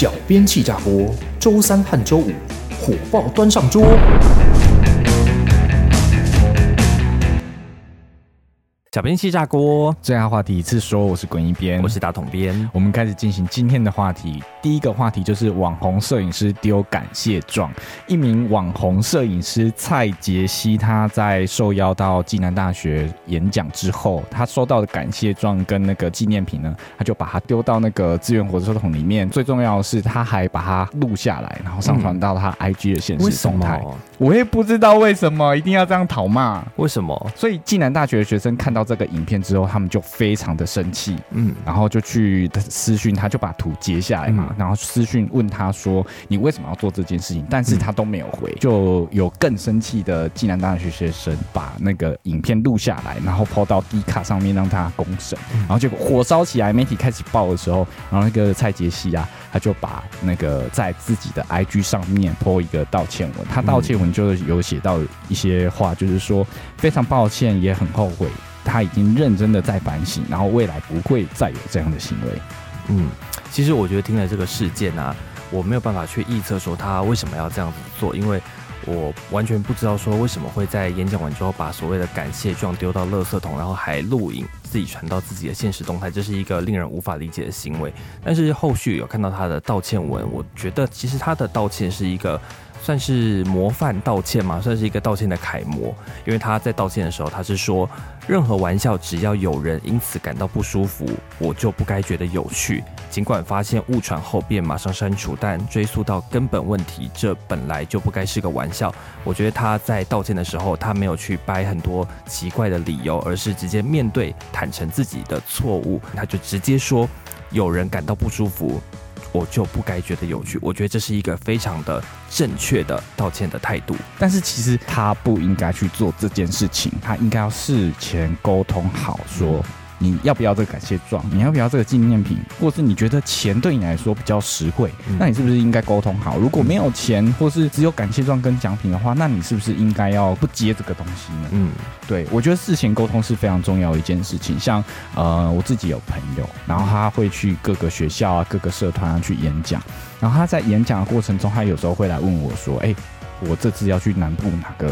小編氣炸鍋，週三和週五火爆端上桌。小編氣炸鍋，接下來話題一次說，我是滾一編，我是打統編，我們開始進行今天的話題。第一個話題就是網紅攝影師丟感謝狀。一名網紅攝影師蔡杰希，他在受邀到暨南大學演講之後，他收到的感謝狀跟那個紀念品呢，他就把它丟到那個資源回收桶裡面。最重要的是，他還把它錄下來，然後上傳到他 IG 的限時動態。嗯我也不知道為什麼一定要這樣討罵，為什麼？所以暨南大學的學生看到這個影片之後，他們就非常的生氣，嗯，然後就去私訊他，就把圖截下來嘛，嗯、然後私訊問他說：“你為什麼要做這件事情？”但是他都沒有回，嗯、就有更生氣的暨南大學學生把那個影片錄下來，然後 Po 到 D 卡上面讓他公審，嗯、然後結果火燒起來，媒體開始爆的時候，然後那個蔡杰西啊，他就把那個在自己的 IG 上面 Po 一個道歉文，他道歉文。就有寫到一些話，就是說非常抱歉，也很後悔，他已經認真的在反省，然後未來不會再有這樣的行為。嗯，其實我覺得聽了這個事件啊，我沒有辦法去預測說他為什麼要這樣子做，因為我完全不知道說為什麼會在演講完之後把所謂的感謝狀丟到垃圾桶，然後還錄影自己傳到自己的限時動態，這是一個令人無法理解的行為。但是後續有看到他的道歉文，我覺得其實他的道歉是一個。算是模範道歉嘛，算是一個道歉的楷模，因為他在道歉的時候，他是說，任何玩笑只要有人因此感到不舒服，我就不該覺得有趣。儘管發現誤傳後便馬上刪除，但追溯到根本問題，這本來就不該是個玩笑。我覺得他在道歉的時候，他沒有去掰很多奇怪的理由，而是直接面對，坦誠自己的錯誤。他就直接說，有人感到不舒服。我就不該覺得有趣，我覺得這是一個非常的正確的道歉的態度。但是其實他不應該去做這件事情，他應該要事前溝通好說。嗯你要不要這個感謝狀？你要不要這個紀念品？或是你覺得錢對你來說比較實惠？那你是不是應該溝通好？如果沒有錢，或是只有感謝狀跟獎品的話，那你是不是應該要不接這個東西呢？嗯，對，我覺得事前溝通是非常重要的一件事情。像呃，我自己有朋友，然後他會去各個學校啊、各個社團啊去演講，然後他在演講的過程中，他有時候會來問我說：“哎、欸。”我這次要去南部哪個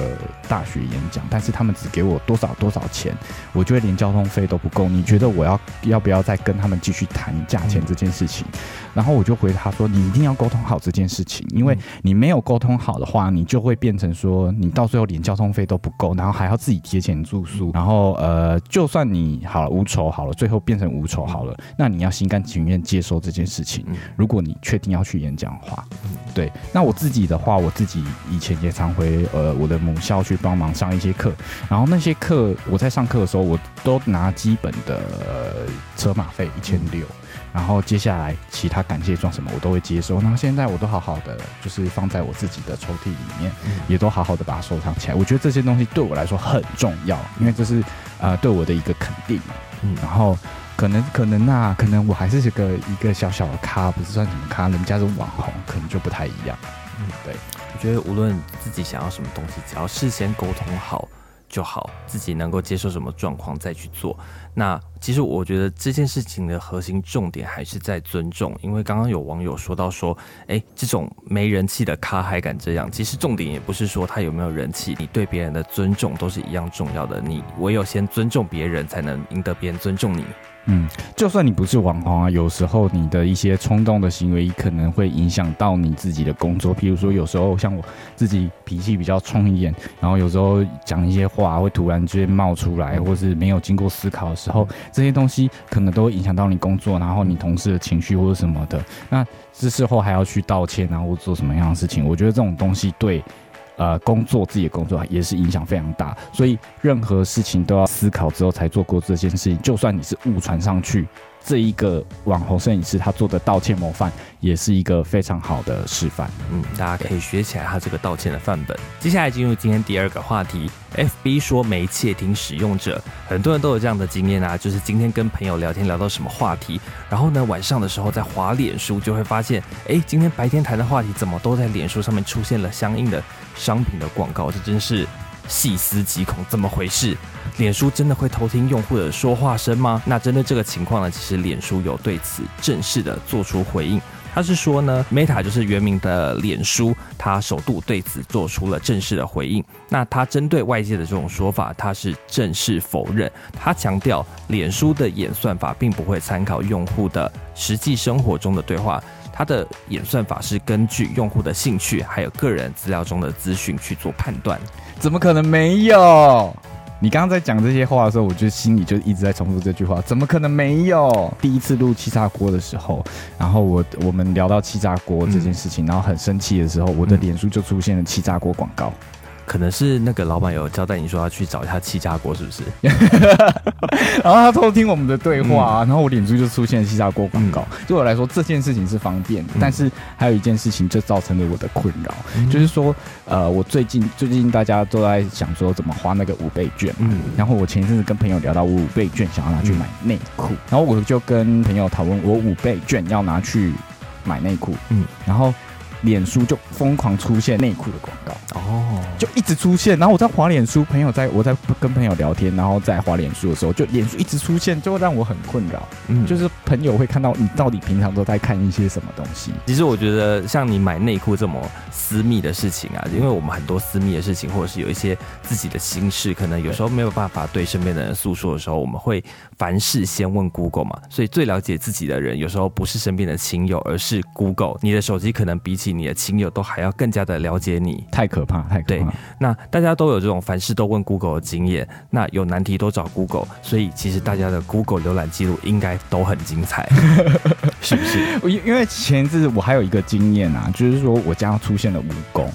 大學演講，但是他們只給我多少多少錢，我就會連交通費都不夠。你覺得我要要不要再跟他們繼續談價錢這件事情？嗯、然後我就回答他說：你一定要溝通好這件事情，因為你沒有溝通好的話，你就會變成說你到最後連交通費都不夠，然後還要自己貼錢住宿。嗯、然後呃，就算你好了無酬好了，最後變成無酬好了，那你要心甘情願接受這件事情。嗯、如果你確定要去演講的話，嗯、對，那我自己的話，我自己一。以前也常回呃，我的母校去幫忙上一些課，然後那些課我在上課的時候，我都拿基本的呃車馬費一千六，然後接下來其他感謝狀什麼我都會接收。然後現在我都好好的，就是放在我自己的抽屜裡面，嗯、也都好好的把它收藏起來。我覺得這些東西對我來說很重要，因為這是呃對我的一個肯定。嗯，然後可能可能那、啊、可能我還是這個一個小小的咖，不是算什麼咖，人家是網紅，可能就不太一樣。嗯，對。我覺得無論自己想要什麼東西，只要事先溝通好就好，自己能夠接受什麼狀況再去做。那其實我覺得這件事情的核心重點還是在尊重，因為剛剛有網友說到說，哎、欸，這種沒人氣的咖還敢這樣，其實重點也不是說他有沒有人氣，你對別人的尊重都是一樣重要的，你唯有先尊重別人，才能贏得別人尊重你。嗯，就算你不是網紅啊，有時候你的一些衝動的行為可能會影響到你自己的工作。譬如說，有時候像我自己脾氣比較衝一點，然後有時候講一些話會突然之間冒出來，或是沒有經過思考的時候，這些東西可能都會影響到你工作，然後你同事的情緒或者什麼的。那這事後還要去道歉啊，或做什麼樣的事情？我覺得這種東西對。呃，工作自己的工作也是影響非常大，所以任何事情都要思考之後才做過這件事情，就算你是誤傳上去。這一個網紅攝影師他做的道歉模範，也是一個非常好的示範。嗯，大家可以學起來他這個道歉的範本。接下來進入今天第二個話題，FB 說沒竊聽使用者，很多人都有這樣的經驗啊，就是今天跟朋友聊天聊到什麼話題，然後呢，晚上的時候在滑臉書就會發現，哎，今天白天談的話題怎麼都在臉書上面出現了相應的商品的廣告，這真是。細思極恐，怎麼回事？臉書真的會偷聽用戶的說話聲嗎？那針對這個情況呢？其實臉書有對此正式的做出回應，他是說呢，Meta 就是原名的臉書，他首度對此做出了正式的回應。那他針對外界的這種說法，他是正式否認，他強調臉書的演算法並不會參考用戶的實際生活中的對話。他的演算法是根據用戶的興趣還有個人資料中的資訊去做判斷，怎麼可能沒有？你剛剛在講這些話的時候，我就心裡就一直在重複這句話，怎麼可能沒有？第一次錄氣炸鍋的時候，然後我我們聊到氣炸鍋這件事情，嗯。然後很生氣的時候，我的臉書就出現了氣炸鍋廣告。嗯可能是那個老闆有交代你說要去找一下氣炸鍋，是不是？ 然後他偷聽我們的對話，嗯、然後我臉書就出現了氣炸鍋廣告。對、嗯、我來說，這件事情是方便的，嗯、但是還有一件事情就造成了我的困擾，嗯、就是說，呃，我最近最近大家都在想說怎麼花那個五倍券，嗯、然後我前一陣子跟朋友聊到我五倍券，想要拿去買內褲，嗯、然後我就跟朋友討論我五倍券要拿去買內褲，嗯，然後臉書就瘋狂出現內褲的廣告。哦，就一直出現，然後我在滑臉書，朋友在我在跟朋友聊天，然後在滑臉書的時候，就臉書一直出現，就會讓我很困擾。嗯，就是朋友會看到你到底平常都在看一些什麼東西。其實我覺得像你買內褲這麼私密的事情啊，因為我們很多私密的事情，或者是有一些自己的心事，可能有時候沒有辦法對身邊的人訴說的時候，我們會凡事先問 Google 嘛。所以最了解自己的人，有時候不是身邊的親友，而是 Google。你的手機可能比起你的親友都還要更加的了解你，太可怕。對，那大家都有這種凡事都問 Google 的經驗，那有難題都找 Google，所以其實大家的 Google 瀏覽記錄應該都很精彩，是不是？因因為前一次我還有一個經驗啊，就是說我家出現了蜈蚣，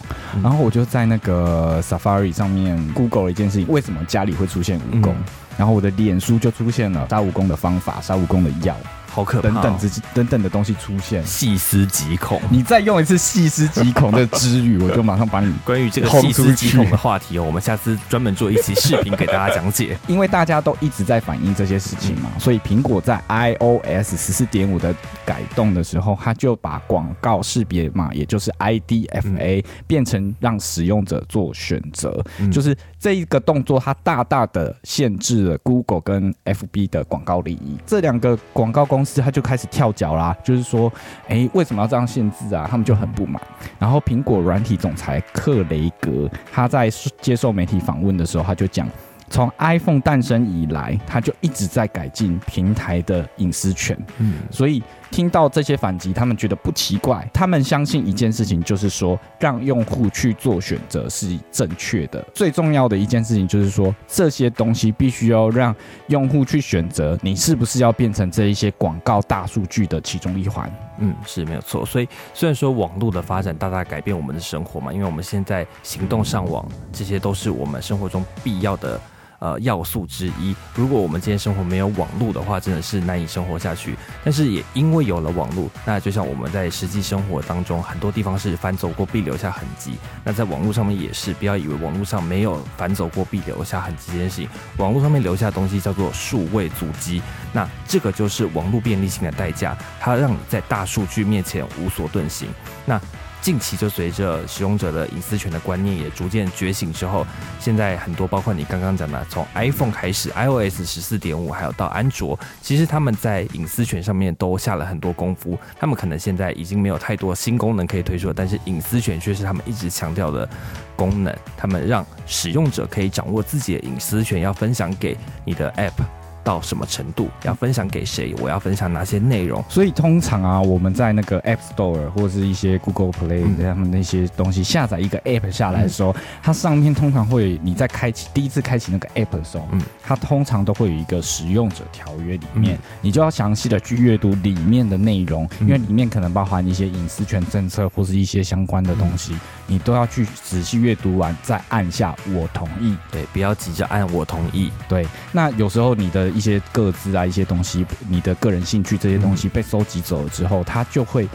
然後我就在那個 Safari 上面 Google 了一件事情，為什麼家裡會出現蜈蚣？然後我的臉書就出現了殺蜈蚣的方法，殺蜈蚣的藥。好可怕、哦！等等這些等等的東西出現，細思極恐。你再用一次“細思極恐”的之語， 我就馬上把你關於這個“細思極恐”的話題哦， 我們下次專門做一期視頻給大家講解。因為大家都一直在反映這些事情嘛，嗯、所以蘋果在 iOS 十四點五的改動的時候，它就把廣告識別嘛，也就是 IDFA、嗯、變成讓使用者做選擇，嗯、就是。這一個動作，它大大的限制了 Google 跟 FB 的廣告利益，這兩個廣告公司，它就開始跳腳啦啊。就是說，哎，為什麼要這樣限制啊？他們就很不滿。然後蘋果軟體總裁克雷格他在接受媒體訪問的時候，他就講，從 iPhone 誕生以來，他就一直在改進平台的隱私權。嗯，所以。聽到這些反擊，他們覺得不奇怪。他們相信一件事情，就是說，讓用戶去做選擇是正確的。最重要的一件事情就是說，這些東西必須要讓用戶去選擇，你是不是要變成這一些廣告大數據的其中一環？嗯，是沒有錯。所以雖然說網絡的發展大大改變我們的生活嘛，因為我們現在行動上網，這些都是我們生活中必要的。呃，要素之一。如果我們今天生活沒有網絡的話，真的是難以生活下去。但是也因為有了網絡，那就像我們在實際生活當中，很多地方是“凡走過必留下痕跡”。那在網絡上面也是，不要以為網絡上沒有“凡走過必留下痕跡”這件事情。網絡上面留下的東西叫做“數位足跡”。那這個就是網絡便利性的代價，它讓你在大數據面前無所遁形。那。近期就隨着使用者的隱私權的觀念也逐漸覺醒之後，現在很多包括你剛剛講的，從 iPhone 開始，iOS 十四點五，還有到安卓，其實他們在隱私權上面都下了很多功夫。他們可能現在已經沒有太多新功能可以推出了，但是隱私權卻是他們一直強調的功能。他們讓使用者可以掌握自己的隱私權，要分享給你的 App。到什麼程度要分享給誰？我要分享哪些內容？所以通常啊，我們在那個 App Store 或者是一些 Google Play 他們、嗯、那些東西下載一個 App 下來的時候，嗯、它上面通常會你在開啟第一次開啟那個 App 的時候，嗯，它通常都會有一個使用者條約裡面，嗯、你就要詳細的去閱讀裡面的內容，嗯、因為裡面可能包含一些隱私權政策或是一些相關的東西，嗯、你都要去仔細閱讀完再按下我同意。對，不要急着按我同意。對，那有時候你的一些個資啊，一些東西，你的個人興趣這些東西被蒐集走了之後，它就會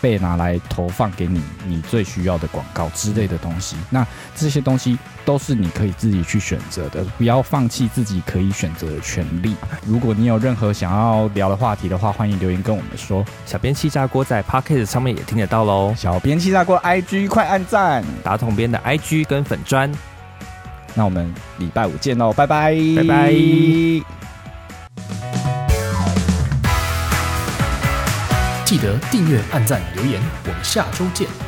被拿來投放給你你最需要的廣告之類的東西。那這些東西都是你可以自己去選擇的，不要放棄自己可以選擇的權利。如果你有任何想要聊的話題的話，歡迎留言跟我們說。小編氣炸鍋在 Pocket 上面也聽得到嘍。小編氣炸鍋 IG 快按讚，打統編的 IG 跟粉專。那我們禮拜五見嘍，拜拜拜拜。記得訂閱、按讚、留言，我們下周見。